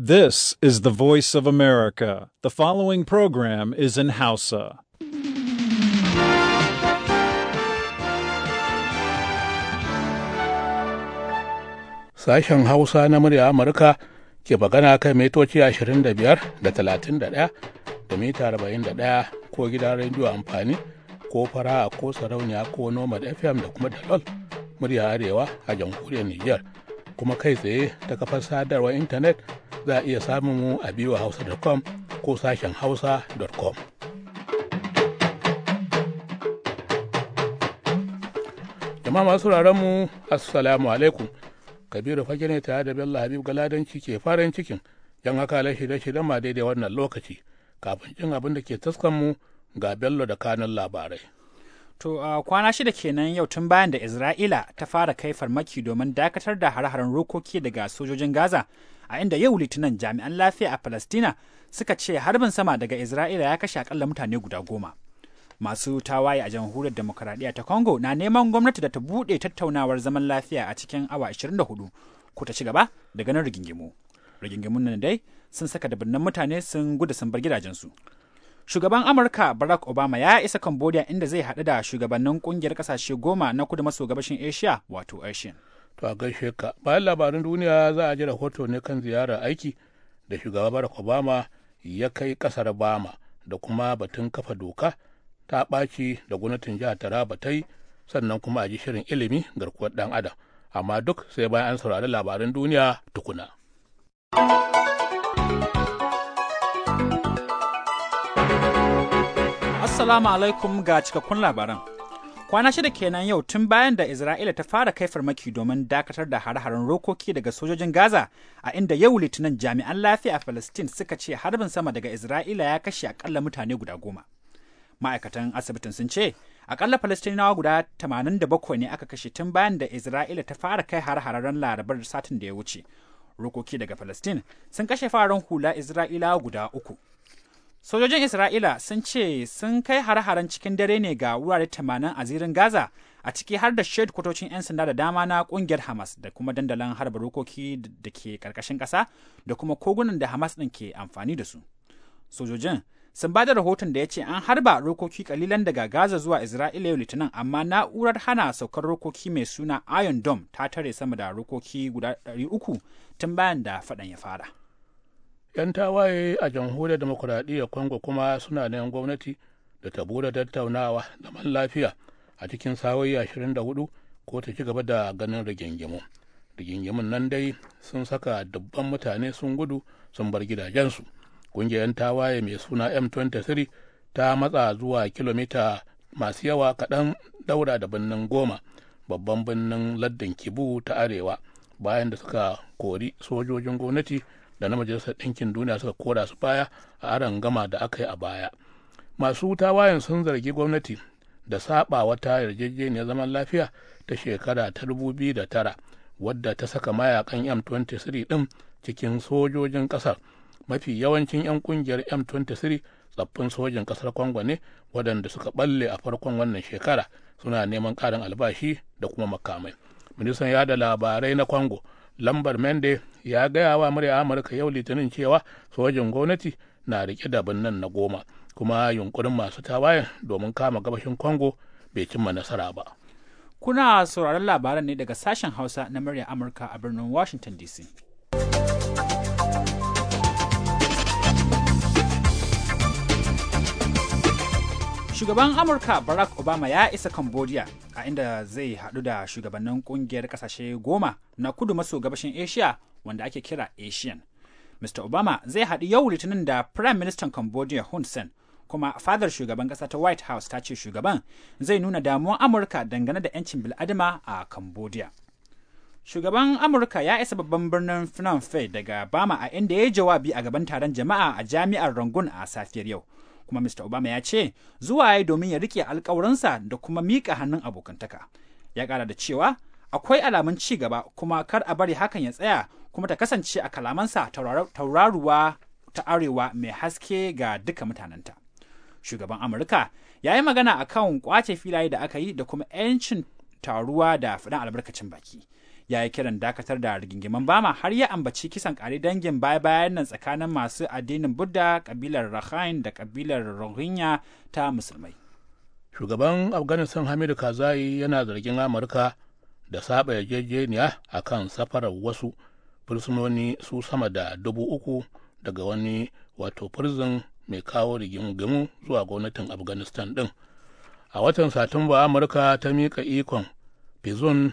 This is the voice of America. The following program is in Hausa. Sashen Hausa na murya Amurka ke bagana kan mitoci 25 da 31 da mita 41 ko gidan rediyo amfani ko fara ko sarauniya ko nomad FM da kuma dalol murya arewa a jamhuriyar Nijar. kuma kai tsaye ta kafar sadarwar intanet za a iya samun mu a biyu hausa.com ko sashen hausa.com. jama'a masu mu assalamu alaikum kabiru fage ne tare da bello habib galadanci ke farin cikin yan haka la shirye-shiryen ma daidai wannan lokaci kafin cin abin da ke taskan mu ga bello da kanun labarai To a kwana shida kenan yau tun bayan da Isra'ila ta fara kai farmaki domin dakatar da har-haren rokoki daga sojojin Gaza, a inda yau Litinin jami'an lafiya a Palestina suka ce harbin sama daga Isra'ila ya kashe akalla mutane guda goma. Masu tawaye a jamhuriyar demokaradiyya ta Congo na neman gwamnati da ta buɗe tattaunawar zaman lafiya a cikin awa 24 ko ta ci gaba da ganin rigingimu. Rigingimun nan dai sun saka dabinnan mutane sun gudu sun bar gidajensu. Shugaban Amurka Barack Obama ya isa Cambodia inda zai haɗu da shugabannin ƙungiyar ƙasashe goma na kudu maso gabashin Asia wato asia. To a gaishe ka bayan labarin duniya za a ji rahoto ne kan ziyarar aiki da shugabar Barack Obama ya kai ƙasar Bama da kuma batun kafa doka ta ɓaci da gwamnatin jihar Taraba ta yi sannan kuma a ji shirin ilimi garkuwar ɗan adam amma duk sai bayan an saurari labarin duniya tukuna. Assalamu alaikum ga cikakkun labaran. Kwana shida kenan yau tun bayan da Isra'ila ta fara kai farmaki domin dakatar da hare-haren rokoki daga sojojin Gaza, a inda yau Litinin jami'an lafiya a Palestine suka ce harbin sama daga Isra'ila ya kashe akalla mutane guda goma. Ma'aikatan asibitin sun ce, akalla Falastinawa guda tamanin da bakwai ne aka kashe tun bayan da Isra'ila ta fara kai hare-haren larabar satin da ya wuce. Rokoki daga palestine sun kashe fararen hula isra'ila guda uku. Sojojin Isra'ila sun ce sun kai har-haren cikin dare ne ga wurare tamanin a zirin Gaza, a ciki har da shaid kwatocin 'yan sanda da dama na kungiyar Hamas da kuma dandalin harba rokoki da ke karkashin ƙasa da kuma kogunan da Hamas ɗin ke amfani da su. Sojojin sun ba da rahoton da ya ce an harba rokoki kalilan daga Gaza zuwa Isra'ila yau Litinin amma na'urar hana saukar rokoki mai suna Iron Dome ta tare sama da rokoki guda 300 tun bayan da faɗan ya fara. 'yan tawaye a jamhuriyar demokuraɗiyyar congo kuma suna neman gwamnati da ta bude tattaunawa zaman lafiya a cikin sawayi 24 ko ta ci gaba da ganin rigingimu rigingimun nan dai sun saka dubban mutane sun gudu sun bar gidajensu ƙungiyar tawaye mai suna m23 ta matsa zuwa kilomita masu yawa kaɗan daura da birnin goma babban birnin laddin kibu ta arewa bayan da suka kori sojojin gwamnati da na majalisar ɗinkin duniya suka kora su baya a aron gama da aka yi a baya masu tawayen sun zargi gwamnati da saba wata yarjejeniyar zaman lafiya ta shekara ta tara wadda ta saka mayakan m23 ɗin cikin sojojin ƙasar mafi yawancin 'yan kungiyar m23 tsaffin sojin ƙasar congo ne waɗanda suka balle a farkon wannan shekara suna neman ƙarin albashi da kuma makamai ministan yada labarai na congo lambar mende ya gaya wa murya amurka yau litinin cewa sojin gwamnati na rike da birnin na goma kuma yunkurin masu tawayen domin kama gabashin congo bai cimma nasara ba kuna sauraron labaran ne daga sashen hausa na murya amurka a birnin washington dc Shugaban Amurka Barack Obama ya isa Cambodia a inda zai haɗu da shugabannin ƙungiyar ƙasashe goma na kudu maso gabashin Asia wanda ake kira Asian. Mr. Obama zai haɗu yau Litinin da Prime Minister Cambodia Hun Sen kuma fadar shugaban ƙasa ta White House ta ce shugaban zai nuna damuwar Amurka dangane da 'yancin bil'adama a Cambodia. Shugaban Amurka ya isa babban birnin Phnom Penh daga Bama a inda ya yi jawabi a gaban taron jama'a a jami'ar Rangoon a safiyar yau. kuma Mr. Obama ya ce zuwa ya domin ya rike alkawuransa da kuma miƙa hannun abokantaka. Ya ƙara da cewa akwai alamun ci gaba kuma kar a bari hakan ya tsaya kuma ta kasance a kalamansa tauraruwa ta arewa mai haske ga duka mutanenta. Shugaban Amurka ya yi magana akan kwace filaye da aka yi da kuma 'yancin taruwa da faɗin albarkacin baki. ya yi kiran dakatar da rigingimin bama har ya ambaci kisan kare dangin baya bayan nan tsakanin masu addinin buddha kabilar rakhine da kabilar rohingya ta musulmai shugaban afghanistan hamidu karzai yana zargin amurka da saba yarjejeniya a kan safarar wasu fursunoni su sama da dubu uku daga wani wato furzin mai kawo rigingimu zuwa gwamnatin afghanistan din a watan satumba amurka ta miƙa ikon pizon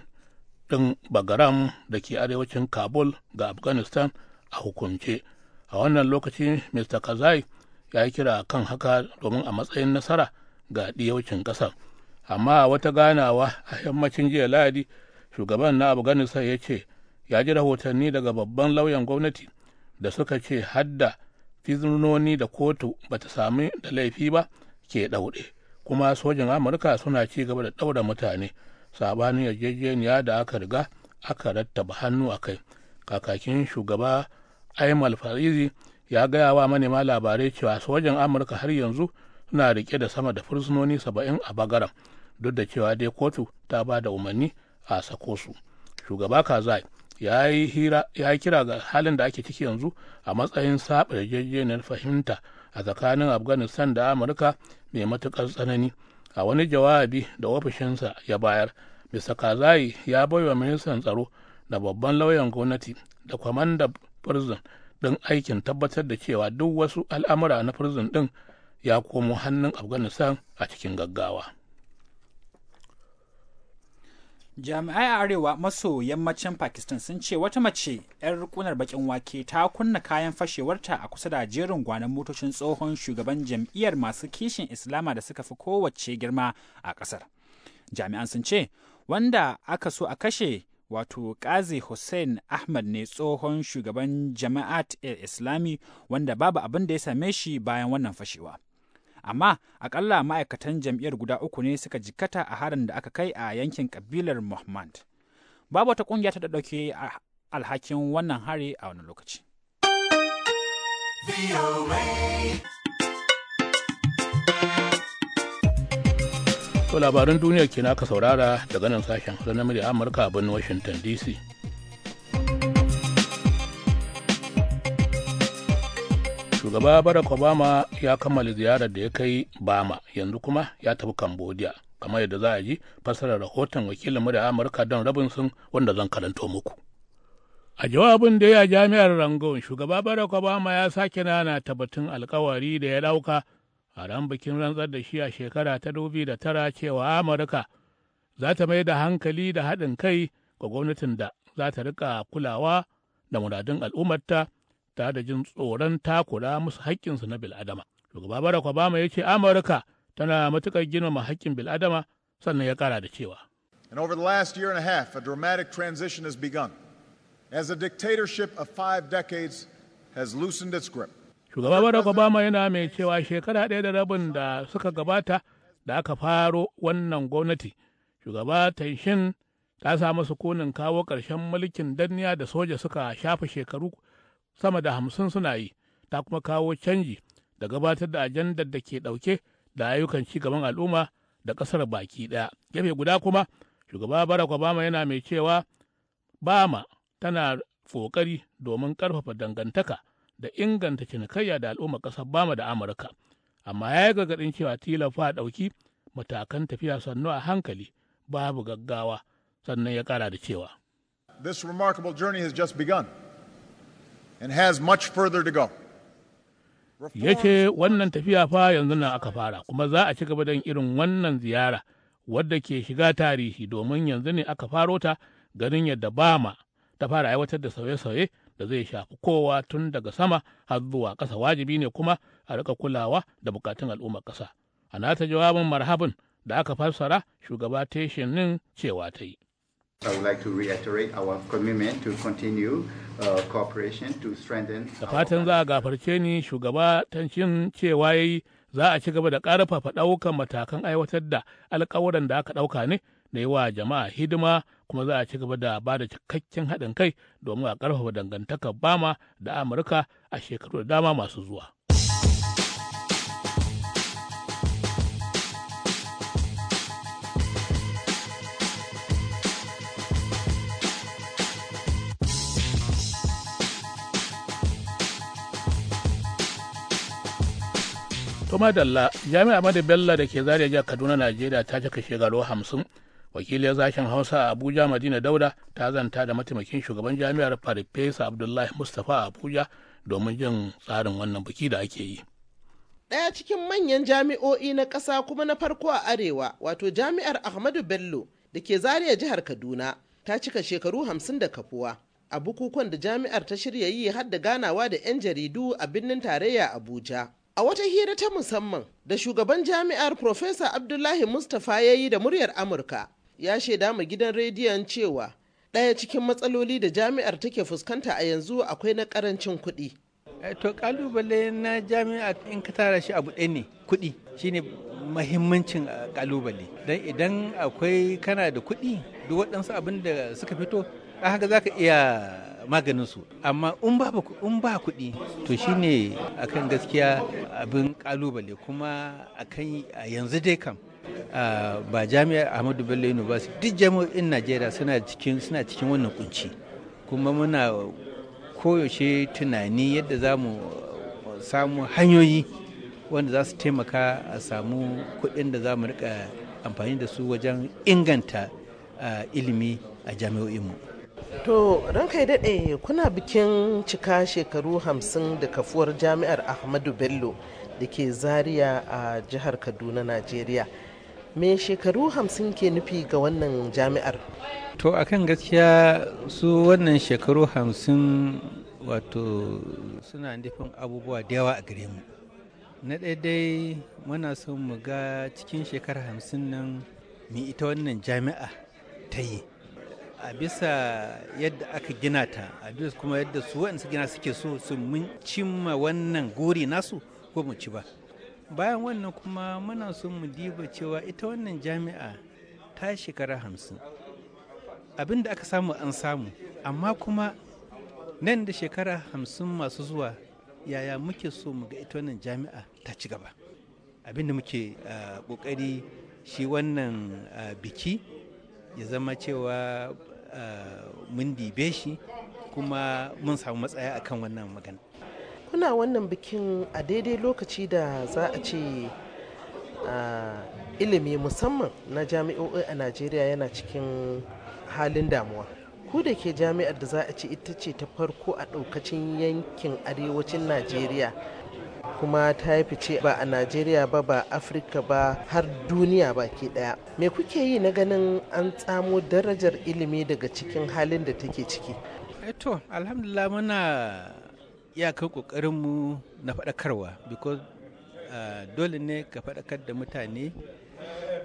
ɗin bagaram da ke arewacin kabul ga afghanistan a hukunce a wannan lokaci mr kazai ya yi kira kan haka domin a matsayin nasara ga ɗiyaucin ƙasar amma wata ganawa a yammacin jiya lahadi shugaban na afghanistan ya ce ya ji rahotanni daga babban lauyan gwamnati da suka ce hadda fizinoni da kotu ba ta sami da laifi ba ke ɗauɗe kuma sojin amurka suna ci gaba da ɗaura mutane sabanin yarjejeniya da aka riga aka rattaba hannu a kai kakakin shugaba aimal farizi ya gaya wa manema labarai cewa sojan amurka har yanzu suna rike da sama da fursunoni saba'in a bagaram duk da cewa dai kotu ta ba da umarni a sako su shugaba kazai ya yi kira ga halin da ake ciki yanzu a matsayin saɓa yarjejeniyar fahimta a tsakanin afghanistan da amurka mai matuƙar tsanani a wani jawabi da ofishinsa ya bayar bisa kazai ya baiwa ministan tsaro da babban lauyan gwamnati da kwamandan prison din aikin tabbatar da cewa duk wasu al'amura na prison ɗin ya komo hannun afghanistan a cikin gaggawa jami'ai a arewa maso yammacin pakistan sun ce wata mace 'yar kunar bakin wake ta kunna kayan fashewarta a kusa da jerin gwanon motocin tsohon shugaban jam'iyyar masu kishin islama da suka fi kowace girma a ƙasar. jami'an sun ce wanda aka so a kashe wato kazi hussein ahmad ne tsohon shugaban jama'at islami wanda babu abin da ya same shi bayan wannan fashewa amma akalla ma'aikatan jam'iyyar guda uku ne suka jikkata a harin da aka kai a yankin kabilar mohammed Babu wata kungiya ta ɗauke alhakin wannan hari a wani lokaci. To labaran duniya ke aka saurara daga nan sashen na Amurka a birnin Washington DC. shugaba barack obama ya kammala ziyarar da ya kai bama yanzu kuma ya tafi cambodia kamar yadda za a ji fassarar rahoton wakilin da amurka don sun, wanda zan karanto muku a jawabin da ya jami'ar rangon shugaba barack obama ya sake nana batun alkawari da ya dauka a ran bikin rantsar da shi a shekara ta da tara cewa amurka za ta mai da hankali da haɗin kai ga gwamnatin da za ta rika kulawa da muradun al'ummarta ta da jin tsoron takura musu haƙƙinsu na bil'adama. Shugaba Barack Obama ya ce Amurka tana matuƙar ma haƙƙin bil'adama sannan ya kara da cewa. And over the last year and a half, a dramatic transition has begun as a dictatorship of five decades has loosened its grip. Shugaba Barack Obama yana mai cewa shekara ɗaya da rabin da suka gabata da aka faro wannan gwamnati, shugaba Tenshin ta samu sukunin kawo ƙarshen mulkin danniya da soja suka shafa shekaru sama da hamsin suna yi ta kuma kawo canji da gabatar da ajandar da ke ɗauke da ayyukan ci gaban al'umma da ƙasar baki ɗaya gefe guda kuma shugaba barak obama yana mai cewa bama tana ƙoƙari domin ƙarfafa dangantaka da inganta cinikayya da al'umma ƙasar bama da amurka amma ya yi gargaɗin cewa tilafa ɗauki matakan tafiya sannu a hankali babu gaggawa sannan ya ƙara da cewa This remarkable journey has just begun. Ya ce wannan tafiya fa yanzu nan aka fara kuma za a ci gaba da irin wannan ziyara wadda ke shiga tarihi domin yanzu ne aka faro ta ganin yadda ba ma ta fara aiwatar da sauye-sauye da zai shafi kowa tun daga sama har zuwa ƙasa wajibi ne kuma a rika kulawa da bukatun al'ummar ƙasa. A nata jawabin marhabin da aka fassara shugaba teshin cewa ta yi. I would like to reiterate our commitment to continue uh, cooperation to strengthen. Da fatan za a gafarce ni shugaba tancin cewa yayi za a ci gaba da ƙarfafa ɗaukan matakan aiwatar da alƙawuran da aka ɗauka ne da yi wa jama'a hidima kuma za a ci gaba da ba da cikakken haɗin kai domin a ƙarfafa dangantakar bama da amurka a shekaru da dama masu zuwa. to Dalla jami'a Madi bello da ke zariya jihar kaduna najeriya ta cika shekaru hamsin wakilin sashen hausa a abuja madina dauda ta zanta da mataimakin shugaban jami'ar farfesa abdullahi mustapha a abuja domin jin tsarin wannan biki da ake yi ɗaya cikin manyan jami'o'i na ƙasa kuma na farko a arewa wato jami'ar ahmadu bello da ke zariya jihar kaduna ta cika shekaru hamsin da kafuwa a bukukuwan da jami'ar ta shirya yi har da ganawa da 'yan jaridu a birnin tarayya abuja A wata hira ta musamman da shugaban jami'ar Profesa Abdullahi Mustapha ya yi da muryar Amurka ya shaida ma gidan rediyon cewa ɗaya cikin matsaloli da jami'ar take fuskanta a yanzu akwai na ƙarancin kuɗi. Eh, to kalubale na jami'a in ka tara shi abu ɗaya ne kuɗi shine mahimmancin kalubale eh, don idan akwai kana da kuɗi duk waɗansu abin da suka fito haka za ka iya maganin su amma in ba kuɗi to kuɗi to shine akan gaskiya abin ƙalubale kuma akan yanzu dai kam ba jami'ar Ahmadu Bello University duk jami'o'in Najeriya suna cikin suna cikin wannan kunci kuma muna koyaushe tunani yadda za mu samu hanyoyi wanda za su taimaka a samu kuɗin da za mu rika amfani da su wajen inganta ilimi a jami'o'inmu. To ranka ya daɗe kuna bikin cika shekaru hamsin da kafuwar jami'ar Ahmadu Bello da ke Zaria a jihar Kaduna, Najeriya. Me shekaru hamsin ke nufi ga wannan jami'ar? To akan gaskiya su wannan shekaru hamsin wato suna nufin abubuwa da yawa a gare mu. Na dai muna son mu ga cikin shekara hamsin nan mu ita wannan jami'a ta yi. a bisa yadda aka gina ta a bisa kuma yadda su waɗansu gina suke so su mun cimma wannan gori nasu ko mu ci ba bayan wannan kuma muna so mu diba cewa ita wannan jami'a ta shekara hamsin abin da aka samu an samu amma kuma nan da shekara hamsin masu zuwa yaya muke so mu ga ita wannan jami'a ta ci gaba abin da muke kokari shi wannan biki ya zama cewa mun dibe shi kuma mun samu matsaya a kan wannan magana kuna wannan bikin a daidai lokaci da za a ce ilimi musamman na jami'o'i a najeriya yana cikin halin damuwa ku da ke jami'ar da za a ce ita ce ta farko a ɗaukacin yankin arewacin najeriya kuma ta yi fice ba a najeriya ba ba afirka ba har duniya baki daya me kuke yi na ganin an tsamo darajar ilimi daga cikin halin da take ciki Eto, eh alhamdulillah muna iyakar kokarinmu na faɗakarwa because eh, dole ne ka faɗakar da mutane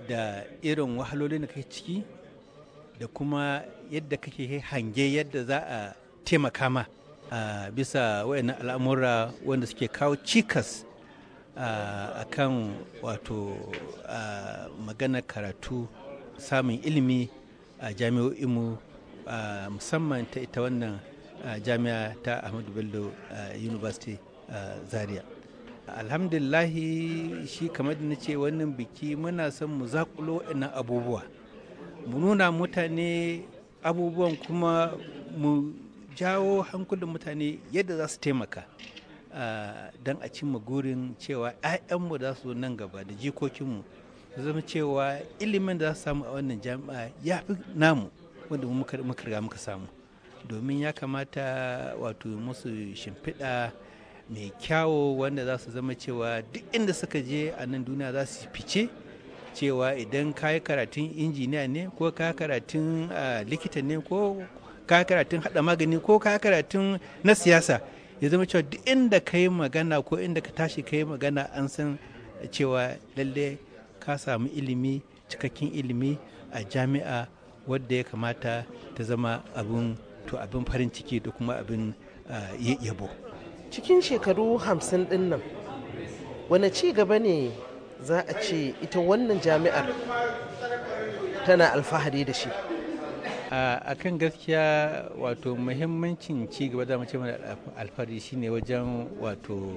da irin wahalolin da kake ciki da kuma yadda kake hange yadda za a taimaka ma a bisa wayannan al'amura wanda suke kawo cikas a kan wato maganar karatu samun ilimi a jami'o'inmu musamman ta ita wannan jami'a ta ahmadu bello university zaria alhamdulillahi shi kamar da na ce wannan biki muna son mu zakulo waɗannan abubuwa mu nuna mutane abubuwan kuma mu jawo hankulan mutane yadda za su taimaka don a cimma gurin cewa 'ya'yanmu za su nan gaba da jikokinmu da zama cewa ilimin da za su samu a wannan jami'a ya fi namu wanda muka riga muka samu domin ya kamata wato musu shimfiɗa mai kyawo wanda za su zama cewa duk inda suka je a nan duniya za su fice cewa idan ka yi karatun injiniya ne ko ka karatun likita ne ko ka karatun hada magani ko ka karatun na siyasa ya zama cewa duk inda ka yi magana ko inda ka tashi ka yi magana an san cewa lalle ka samu ilimi cikakken ilimi a jami'a wadda ya kamata ta zama abin to abin farin ciki da kuma abin yabo cikin shekaru hamsin din nan wane ci gaba ne za a ce ita wannan jami'ar tana alfahari da shi a kan gaskiya wato muhimmancin ci gaba da mace mai alfari shine wajen wato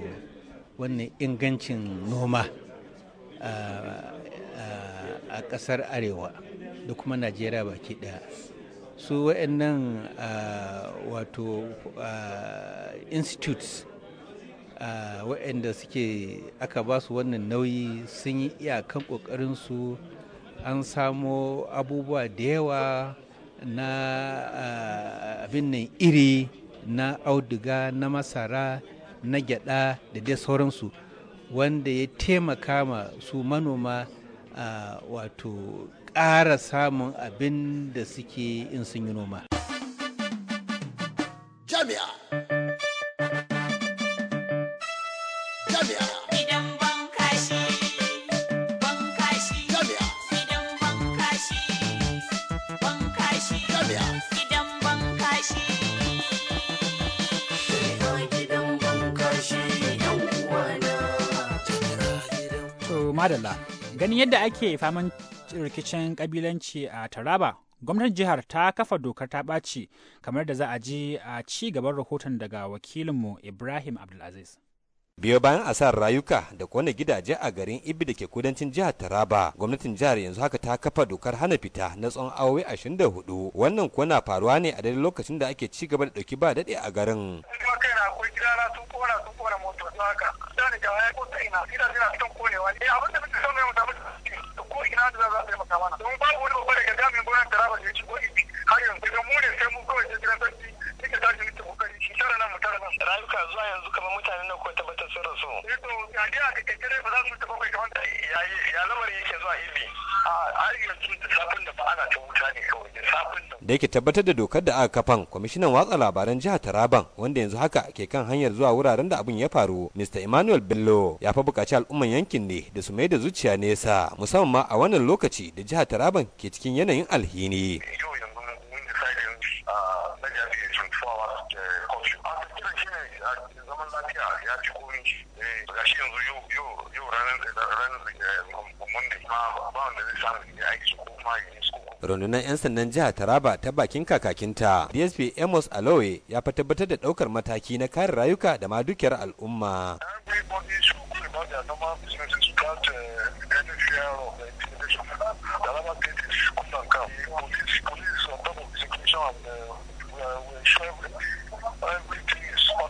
wannan ingancin noma a ƙasar arewa da kuma najeriya baki ɗaya su nan wato institutes waɗanda suke aka ba su wannan nauyi sun yi iyakan su an samo abubuwa da yawa na ah, abin nan iri na auduga na masara na gyada da dai sauransu wanda ya taimaka ma su manoma ah, wato ƙara samun abin da suke in sun yi noma. madalla ganin yadda ake faman rikicin kabilanci a taraba gwamnatin jihar ta kafa dokar ta ɓaci kamar da za a ji a ci gaban rahoton daga wakilinmu ibrahim abdulaziz biyo bayan asar rayuka da kone gidaje a garin ibi da ke kudancin jihar taraba gwamnatin jihar yanzu haka ta kafa dokar hana fita na tsawon awowi ashirin da hudu wannan kuwa na faruwa ne a daidai lokacin da ake ci gaba da ɗauki ba daɗe a garin akwai gidana sun kona sun kona moto haka da ni jawaya ko ta ina gida suna cikin konewa ne eh, abin da muke son mu da ko ina da za su yi maka mana don babu wani babba daga jami'in gwamnatin taraba da ya ci ko ibi har yanzu da mu ne sai mu kawai sai gidan sarki take tashi tara nan mu tara nan rayuka zuwa yanzu kamar mutane na ko tabbatar sun rasu to a dai ba za su kai kamar ya yake zuwa ibi. a har yanzu safin da ba ana ta wuta ne kawai safin da yake tabbatar da dokar da aka kafan kwamishinan watsa labaran jihar Taraban wanda yanzu haka ke kan hanyar zuwa wuraren da abin ya faru Mr Emmanuel Bello ya fa bukaci al'umman yankin ne da su mai da zuciya nesa musamman ma a wannan lokaci da jihar Taraban ke cikin yanayin alhini zaman lafiya ya ci komi rundunar 'yan sandan jiha taraba ta bakin kakakinta dsp amos Aloe ya fi tabbatar da daukar mataki na kare rayuka da ma dukiyar al'umma eh, Police, eh, everything.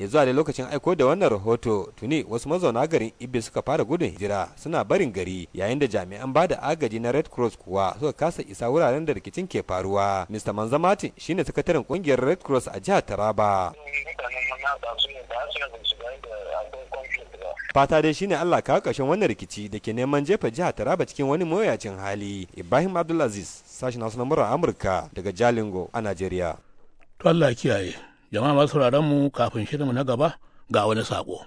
ya zuwa da lokacin aiko da wannan rahoto tuni wasu mazauna garin ibi suka fara gudun hijira suna barin gari yayin da jami'an bada agaji na red cross kuwa suka kasa isa wuraren da rikicin ke faruwa mr manzamati shine sakataren kungiyar red cross a jihar taraba fata dai shine Allah kawo ƙarshen wannan rikici da ke neman jefa jihar Taraba cikin wani mawuyacin hali Ibrahim Abdulaziz sashen Hausa na Amurka daga Jalingo a nigeria. to Allah kiyaye jama'a masu mu kafin shirinmu na gaba ga wani sako.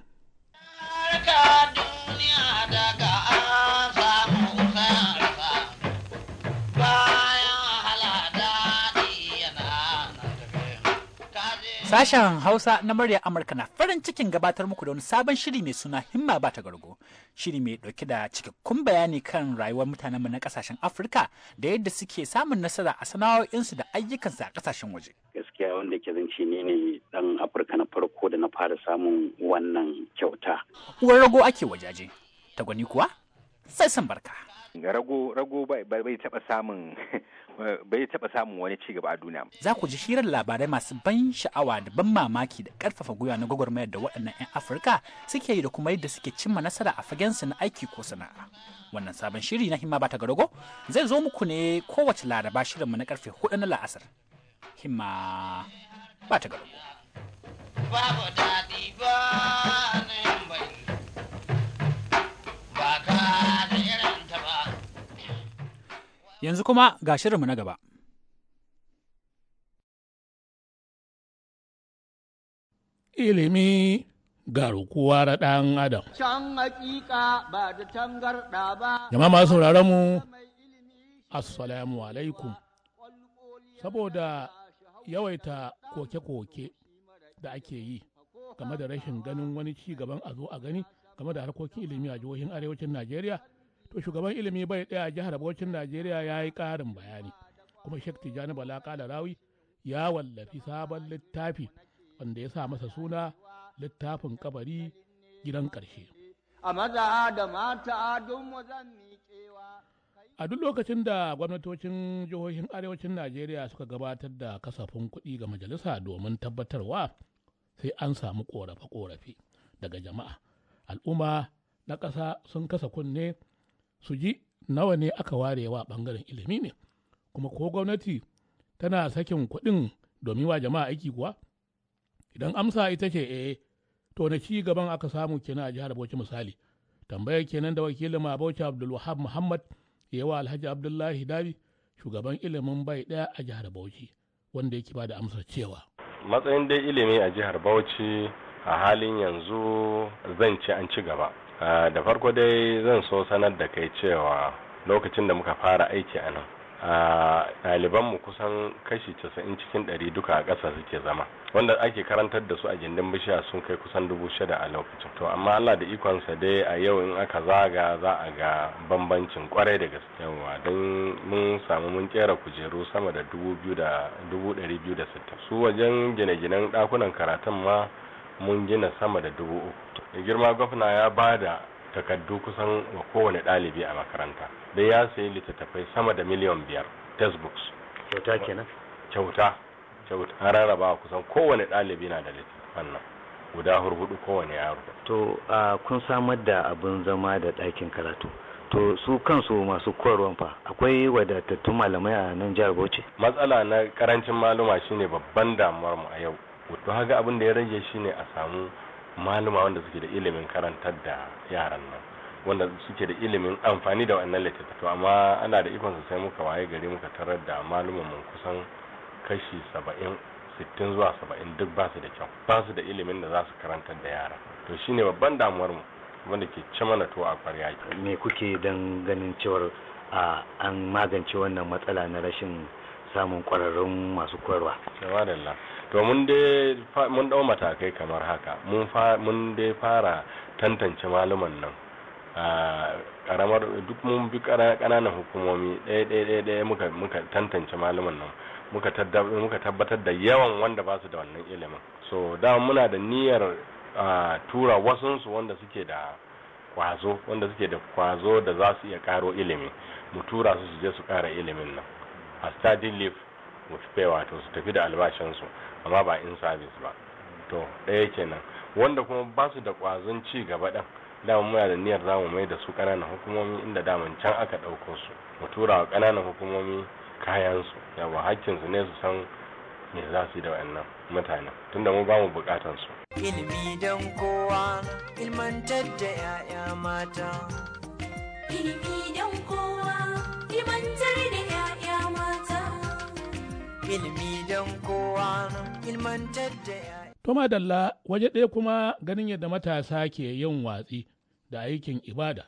Sashen Hausa na murya Amurka na farin cikin gabatar muku da wani sabon shiri mai suna himma ba ta gargo. Shiri mai dauke da cikakkun bayani kan rayuwar mutanenmu na kasashen Afirka da yadda suke samun nasara a sana'o'insu da ayyukansu a kasashen waje. gaskiya wanda ke zance ni ne dan afirka na farko da na fara samun wannan kyauta uwar rago ake wajaje tagwani kuwa sai san barka rago rago bai taba samun bai taba samun wani ci gaba a duniya za ku ji hirar labarai masu ban sha'awa da ban mamaki da karfafa gwiwa na gwagwarmayar da waɗannan 'yan afirka suke yi da kuma yadda suke cimma nasara a fagensu na aiki ko sana'a wannan sabon shiri na himma bata ga rago zai zo muku ne kowace laraba shirinmu na karfe hudu na la'asar himma ba ta garbu. Babu daɗi ba na yin ba ka da irin ta ba. Yanzu kuma ga shirinmu na gaba. Ilimi ga rukuwa da ɗan adam. Can hakika ba da tangarɗa ba. Jama'a masu sauraron mu, Assalamu alaikum. Saboda yawaita koke-koke da ake yi game da rashin ganin wani ci gaban a zo a gani game da harkokin ilimi a jihohin arewacin najeriya to shugaban ilimi bai ɗaya jihar abokin najeriya ya yi karin bayani kuma shek tijjani bala kala rawi ya wallafi sabon littafi wanda ya sa masa suna littafin kabari gidan ƙarshe. a maza da mata don mu zan a duk lokacin da gwamnatocin jihohin arewacin najeriya suka gabatar da kasafin kuɗi ga majalisa domin tabbatarwa sai an samu korafe-korafe daga jama'a al'umma na ƙasa sun kasa kunne su ji nawa ne aka warewa ɓangaren ilimi ne kuma ko gwamnati tana sakin kuɗin domin wa jama'a aiki kuwa idan amsa ita ce eh to na ci gaban aka samu kenan a jihar bauchi misali tambayar kenan da wakilin ma bauchi abdulwahab muhammad yawa alhaji abdullahi dabi shugaban ilimin bai daya a jihar bauchi wanda yake ba da amsar cewa matsayin dai ilimi a jihar bauchi a halin yanzu zan ci an ci gaba ah, da farko dai zan so sanar da kai cewa lokacin da muka fara aiki a nan ɗalibanmu kusan kashi casa'in cikin ɗari duka a ƙasa suke zama wanda ake karantar da su a gindin bishiya sun kai kusan dubu shida a lokacin to amma allah da ikonsa dai a yau in aka zaga za a ga bambancin kwarai da gaske yawa don mun samu mun kera kujeru sama da dubu ɗari biyu da sittin su wajen gine-ginen ɗakunan karatun ma mun gina sama da dubu uku girma gwamna ya ba da takardu kusan wa kowane ɗalibi a makaranta da ya sayi littattafai sama da miliyan biyar textbooks kyauta kenan kyauta kyauta an rarraba kusan kowane ɗalibi na da littattafan nan guda hurhudu kowane yaro to a kun samar da abin zama da ɗakin karatu to su kansu masu koyarwan fa akwai wadatattun malamai a nan jihar bauchi matsala na karancin maluma shine babban damuwar mu a yau to haga abin da ya rage shine a samu maluma wanda suke da ilimin karantar da yaran nan wanda suke da ilimin amfani da wannan littattafai to amma ana da ikon sai muka waye gari muka tarar da malumin mun kusan kashi saba'in sittin zuwa saba'in duk ba su da kyau ba su da ilimin da za su karantar da yara to shine babban damuwar mu wanda ke ci mana to a kwarya me kuke dan ganin cewar an magance wannan matsala na rashin samun kwararrun masu koyarwa. Yawa to mun dai mun dau matakai kamar haka mun fa mun dai fara tantance malaman nan a karamar duk mun bi kananan hukumomi ɗaya ɗaya muka muka tantance malaman nan muka tabbatar da yawan wanda ba su da wannan ilimin so da muna da niyyar tura su wanda suke da kwazo wanda suke da kwazo da za su iya karo ilimi mu tura su su je su kara ilimin nan a study leave mutufai wato su tafi da albashinsu amma ba in service ba to ɗaya kenan wanda kuma ba su da ƙwazon ci gaba ɗin dama muna da niyyar zamu mai da su ƙananan hukumomi inda daman can aka ɗauko su mu tura wa ƙananan hukumomi kayansu yawa hakkinsu ne su san me za su yi da wannan mutane tunda mu ba mu bukatan su ilimi don kowa ilmantar da 'ya'ya mata ilimi don kowa ilimi don kowa ilmantar da Toma Dalla waje ɗaya kuma ganin yadda matasa ke yin watsi da aikin ibada,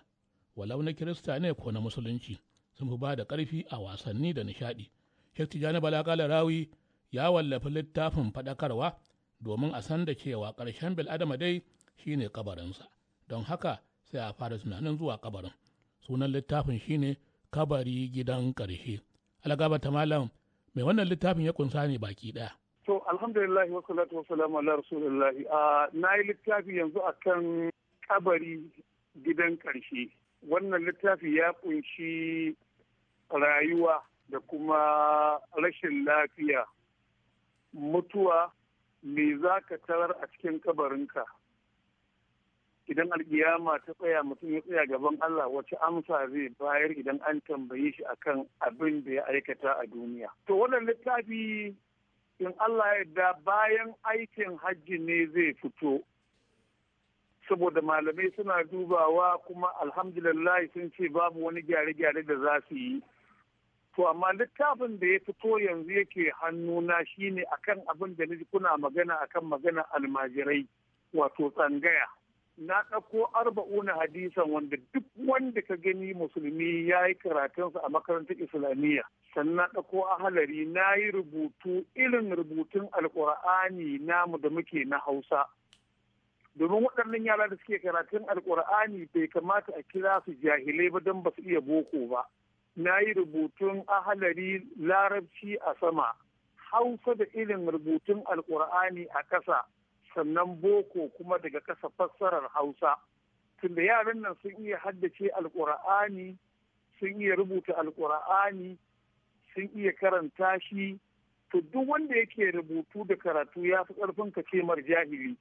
walau na Kirista ne ko na Musulunci sun fi ba da ƙarfi a wasanni da nishaɗi. Sheikh Tijjani Balakala Rawi ya wallafi littafin faɗakarwa domin a san da cewa ƙarshen bil'adama dai shine kabarinsa, don haka sai a fara tunanin zuwa kabarin. Sunan littafin shine kabari gidan ƙarshe. alagaba ta malam mai wannan littafin ya kunsa ne baki ɗaya. To alhamdulillah wa salatu wa salamu ala rasulillahi na yi littafi yanzu a kan kabari gidan ƙarshe. Wannan littafi ya kunshi rayuwa da kuma rashin lafiya mutuwa me za ka tarar a cikin kabarinka idan alkiyama ta tsaya mutum ya tsaya gaban Allah wace amsa zai bayar idan an tambaye shi akan abin da ya aikata a duniya. To wannan littafi in Allah ya yadda bayan aikin hajji ne zai fito. Saboda malamai suna dubawa kuma alhamdulillah sun ce babu wani gyare-gyare da za su yi. To amma littafin da ya fito yanzu yake hannuna shine akan abin da kuna magana akan magana almajirai wato tsangaya. na ɗauko arba'una hadisan wanda duk wanda ka gani musulmi ya yi karatunsa a makarantar islamiyya sannan na ɗauko ahalari na yi rubutu irin rubutun alƙur'ani namu da muke na hausa domin waɗannan yara da suke karatun alƙur'ani bai kamata a kira su jahilai ba don ba su iya boko ba na yi rubutun ahalari larabci a sama hausa da irin rubutun alƙur'ani a ƙasa sannan boko kuma daga kasa fassarar hausa tunda yaran nan sun iya haddace alkur'ani sun iya rubuta alkur'ani sun iya karanta shi to duk wanda yake rubutu da karatu ya fi karfin ka mar jahili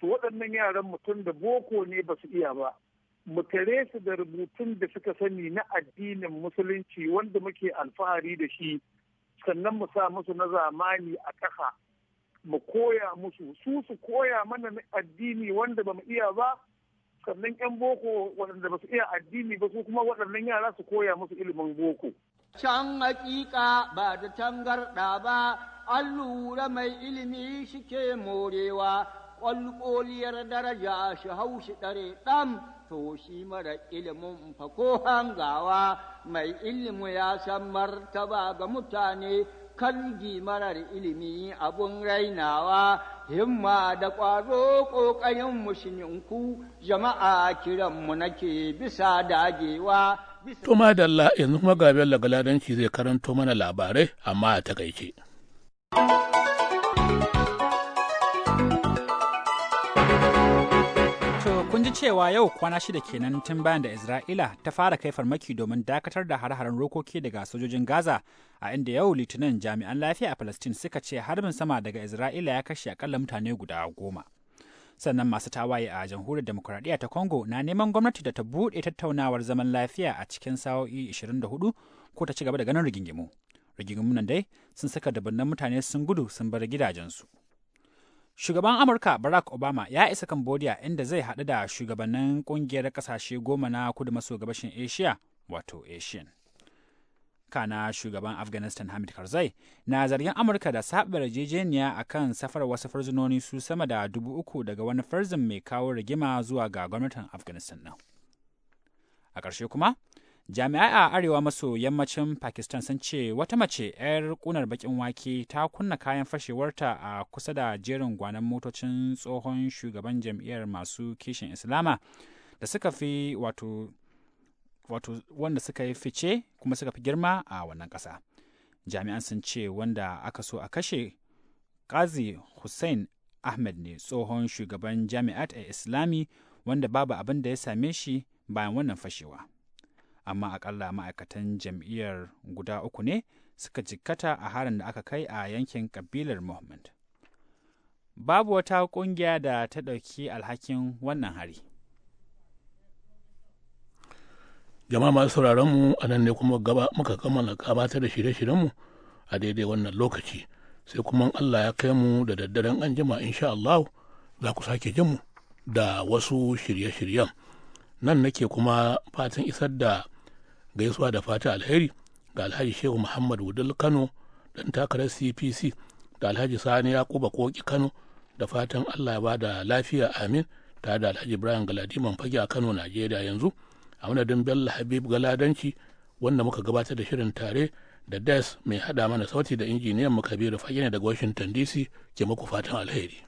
to waɗannan yaran mutum da boko ne ba su iya ba mu tare su da rubutun da suka sani na addinin musulunci wanda muke alfahari da shi sannan mu sa musu na zamani a ƙasa mu koya musu su su koya mana addini wanda ba mu iya ba sannan 'yan boko waɗanda ba su iya addini ba su kuma waɗannan yara su koya musu ilimin boko. Can hakika ba da tangarɗa ba, allura mai ilimi shi ke morewa, ƙwalƙoliyar daraja shi haushi ɗare ɗan to shi mara ilimin fa ko hangawa mai ilimi ya san martaba ga mutane kalgi marar ilimi abun rainawa himma da ƙwazo ƙoƙarin mushininku jama'a kiranmu nake bisa dagewa To Allah yanzu kuma ga Bello Galadanci zai karanto mana labarai amma a takaice. ji cewa yau kwana shida kenan tun bayan da Isra'ila ta fara kai farmaki domin dakatar da har-haren rokoki daga sojojin Gaza, a inda yau Litinin jami'an lafiya a Palestine suka ce harbin sama daga Isra'ila ya kashe akalla mutane guda goma. Sannan masu tawaye a jamhuriyar demokuraɗiyya ta Congo na neman gwamnati da ta buɗe tattaunawar zaman lafiya a cikin sa'o'i 24 ko ta ci gaba da ganin rigingimu. Rigingimu nan dai sun saka dabannan mutane sun gudu sun bar gidajensu. Shugaban Amurka Barack Obama ya isa Cambodia inda zai haɗu da shugabannin ƙungiyar ƙasashe goma na kudu maso gabashin Asia wato Asian. Kana shugaban Afghanistan Hamid Karzai na zargin Amurka da saɓa yarjejeniya a kan safar wasu farzinoni su sama da dubu uku daga wani farzin mai kawo rigima zuwa ga gwamnatin Afghanistan ɗin. A ƙarshe kuma, Jami'ai a arewa maso yammacin Pakistan sun ce wata mace 'yar kunar bakin wake ta kunna kayan fashewarta a kusa da jerin gwanan motocin tsohon shugaban jam'iyyar masu kishin Islama da suka fi wato wanda suka yi fice kuma suka fi girma a wannan kasa Jami'an sun ce wanda aka so a kashe Qazi Hussein Ahmed ne tsohon shugaban jami'at a Islami wanda babu abin da ya same shi bayan wannan fashewa. amma akalla ma'aikatan jam'iyyar guda uku ne suka jikkata a harin da aka kai a yankin kabilar Mohammed. Babu wata ƙungiya da ta ɗauki alhakin wannan hari. Jama'a masu sauraron mu a nan ne kuma gaba muka kammala gabatar da shirye-shiryenmu a daidai wannan lokaci sai kuma Allah ya kai mu da daddaren an jima insha Allah za ku sake jin mu da wasu shirye-shiryen. nan nake kuma fatan isar da gaisuwa da fata alheri ga alhaji shehu muhammad wudul kano dan takarar cpc da alhaji sani yakuba koki kano da fatan allah ya bada lafiya amin tare da alhaji ibrahim galadiman fage a kano najeriya yanzu a madadin bello habib galadanci wanda muka gabatar da shirin tare da des mai hada mana sauti da injiniyan mu kabiru fage ne daga washington dc ke muku fatan alheri